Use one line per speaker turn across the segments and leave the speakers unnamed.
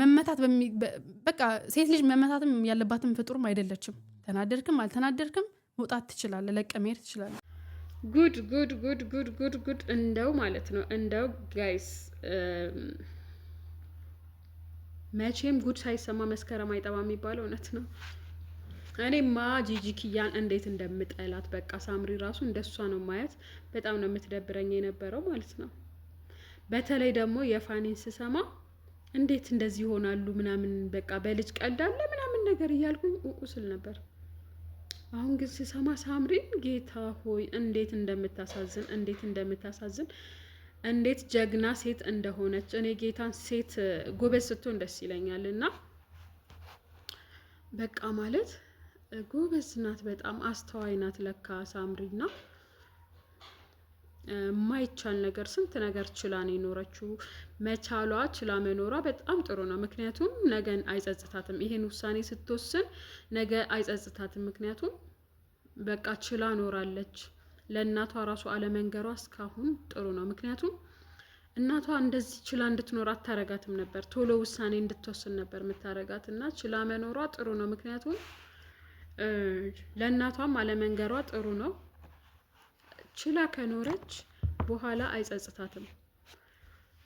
መመታት በቃ ሴት ልጅ መመታትም ያለባትም ፍጡርም አይደለችም። ተናደርክም አልተናደርክም መውጣት ትችላለህ፣ ለቀ መሄድ ትችላለህ። ጉድ ጉድ ጉድ ጉድ ጉድ ጉድ እንደው ማለት ነው እንደው ጋይስ መቼም ጉድ ሳይሰማ መስከረም አይጠባ የሚባለው እውነት ነው። እኔማ ጂጂኪያን እንዴት እንደምጠላት በቃ ሳምሪ ራሱ እንደሷ ነው ማየት። በጣም ነው የምትደብረኝ የነበረው ማለት ነው። በተለይ ደግሞ የፋኒን ስሰማ እንዴት እንደዚህ ይሆናሉ ምናምን በቃ በልጅ ቀልዳለ ምናምን ነገር እያልኩኝ ስል ነበር። አሁን ግን ስሰማ ሳምሪን ጌታ ሆይ እንዴት እንደምታሳዝን እንዴት እንደምታሳዝን እንዴት ጀግና ሴት እንደሆነች እኔ ጌታን ሴት ጎበዝ ስትሆን ደስ ይለኛል። እና በቃ ማለት ጎበዝ ናት፣ በጣም አስተዋይ ናት ለካ ሳምሪና የማይቻል ነገር ስንት ነገር ችላ ነው የኖረችው። መቻሏ ችላ መኖሯ በጣም ጥሩ ነው። ምክንያቱም ነገን አይጸጽታትም። ይሄን ውሳኔ ስትወስን ነገ አይጸጽታትም። ምክንያቱም በቃ ችላ ኖራለች። ለእናቷ ራሱ አለመንገሯ እስካሁን ጥሩ ነው። ምክንያቱም እናቷ እንደዚህ ችላ እንድትኖር አታረጋትም ነበር። ቶሎ ውሳኔ እንድትወስን ነበር የምታረጋት እና ችላ መኖሯ ጥሩ ነው። ምክንያቱም ለእናቷም አለመንገሯ ጥሩ ነው። ችላ ከኖረች በኋላ አይጸጽታትም።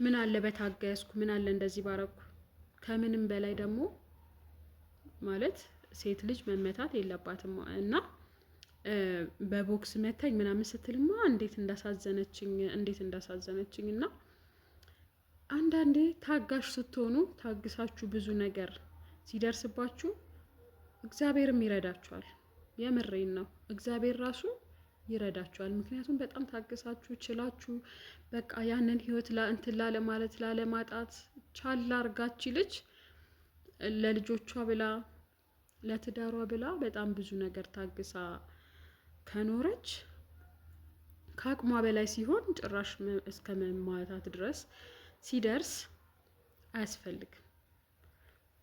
ምን አለ በታገስኩ፣ ምን አለ እንደዚህ ባረኩ። ከምንም በላይ ደግሞ ማለት ሴት ልጅ መመታት የለባትም እና በቦክስ መታኝ ምናምን ስትልማ እንዴት እንዳሳዘነችኝ እንዴት እንዳሳዘነችኝ እና አንዳንዴ ታጋሽ ስትሆኑ ታግሳችሁ ብዙ ነገር ሲደርስባችሁ እግዚአብሔርም ይረዳችኋል። የምሬን ነው። እግዚአብሔር ራሱ ይረዳችኋል። ምክንያቱም በጣም ታግሳችሁ ችላችሁ በቃ ያንን ህይወት እንትን ላለማለት ላለማጣት ቻላ አርጋች ልጅ ለልጆቿ ብላ ለትዳሯ ብላ በጣም ብዙ ነገር ታግሳ ከኖረች ከአቅሟ በላይ ሲሆን ጭራሽ እስከ መማታት ድረስ ሲደርስ አያስፈልግም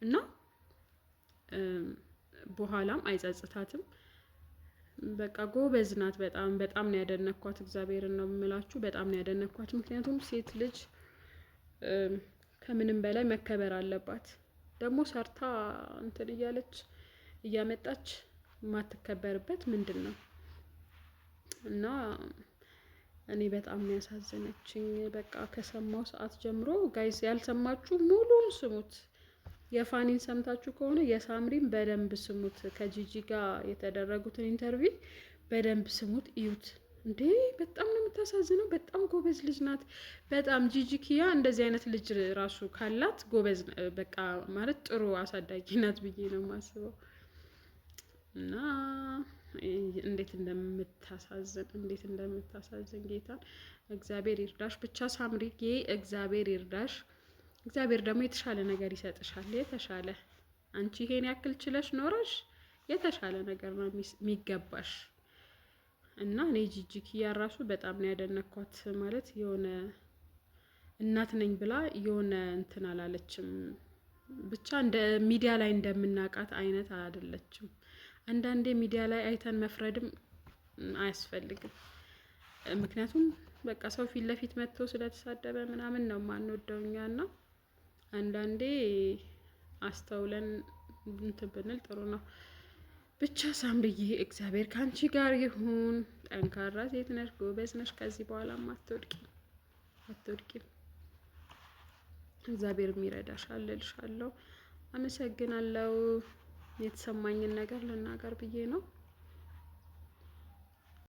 እና በኋላም አይጸጽታትም። በቃ ጎበዝ ናት። በጣም በጣም ነው ያደነኳት። እግዚአብሔርን ነው የምላችሁ፣ በጣም ነው ያደነኳት። ምክንያቱም ሴት ልጅ ከምንም በላይ መከበር አለባት። ደግሞ ሰርታ እንትን እያለች እያመጣች የማትከበርበት ምንድን ነው? እና እኔ በጣም ነው ያሳዘነችኝ። በቃ ከሰማው ሰዓት ጀምሮ ጋይስ ያልሰማችሁ ሙሉን ስሙት። የፋኒን ሰምታችሁ ከሆነ የሳምሪን በደንብ ስሙት። ከጂጂ ጋር የተደረጉትን ኢንተርቪው በደንብ ስሙት፣ እዩት። እንዴ በጣም ነው የምታሳዝነው። በጣም ጎበዝ ልጅ ናት። በጣም ጂጂ ኪያ እንደዚህ አይነት ልጅ ራሱ ካላት ጎበዝ በቃ ማለት ጥሩ አሳዳጊ ናት ብዬ ነው የማስበው። እና እንዴት እንደምታሳዝን እንዴት እንደምታሳዝን ጌታን እግዚአብሔር ይርዳሽ። ብቻ ሳምሪዬ እግዚአብሔር ይርዳሽ። እግዚአብሔር ደግሞ የተሻለ ነገር ይሰጥሻል። የተሻለ አንቺ ይሄን ያክል ችለሽ ኖረሽ የተሻለ ነገር ነው የሚገባሽ። እና እኔ ጂጂ ኪያ ራሱ በጣም ነው ያደነኳት። ማለት የሆነ እናት ነኝ ብላ የሆነ እንትን አላለችም። ብቻ እንደ ሚዲያ ላይ እንደምናውቃት አይነት አላደለችም። አንዳንዴ ሚዲያ ላይ አይተን መፍረድም አያስፈልግም። ምክንያቱም በቃ ሰው ፊት ለፊት መጥቶ ስለተሳደበ ምናምን ነው ማንወደውኛ ና አንዳንዴ አስተውለን እንትን ብንል ጥሩ ነው። ብቻ ሳምርዬ እግዚአብሔር ከአንቺ ጋር ይሁን። ጠንካራ ሴት ነሽ፣ ጎበዝ ነሽ። ከዚህ በኋላም አትወድቂም አትወድቂም። እግዚአብሔር የሚረዳሽ አለልሻለሁ። አመሰግናለሁ። የተሰማኝን ነገር ልናገር ብዬ ነው።